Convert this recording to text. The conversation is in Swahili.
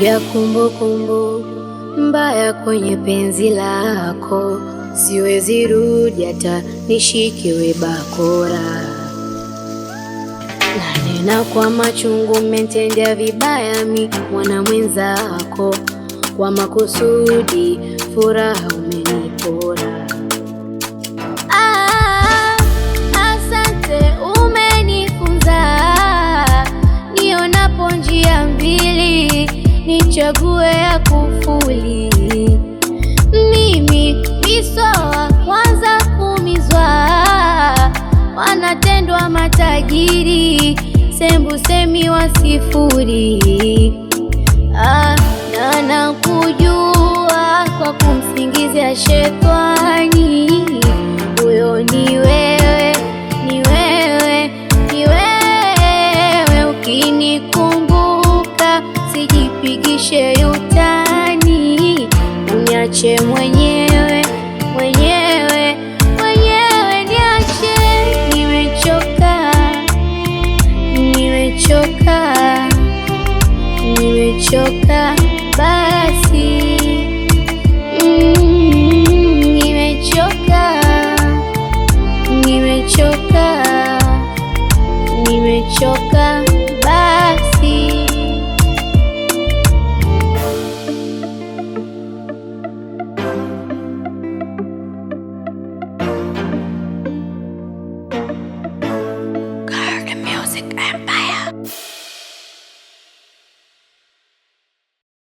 Jenge kumbukumbu mbaya kwenye penzi lako, siwezi rudi hata nishikiwe bakora. Nanena kwa machungu, mmetendea vibaya mi mwana mwenzako, kwa makusudi furaha umeni nichague ya kufuli mimi miso wa kwanza kumizwa, wanatendwa matajiri sembusemi wa sifuri Niepushe utani, uniache mwenyewe mwenyewe mwenyewe, niache. Nimechoka, nimechoka, nimechoka basi Nimechoka, nimechoka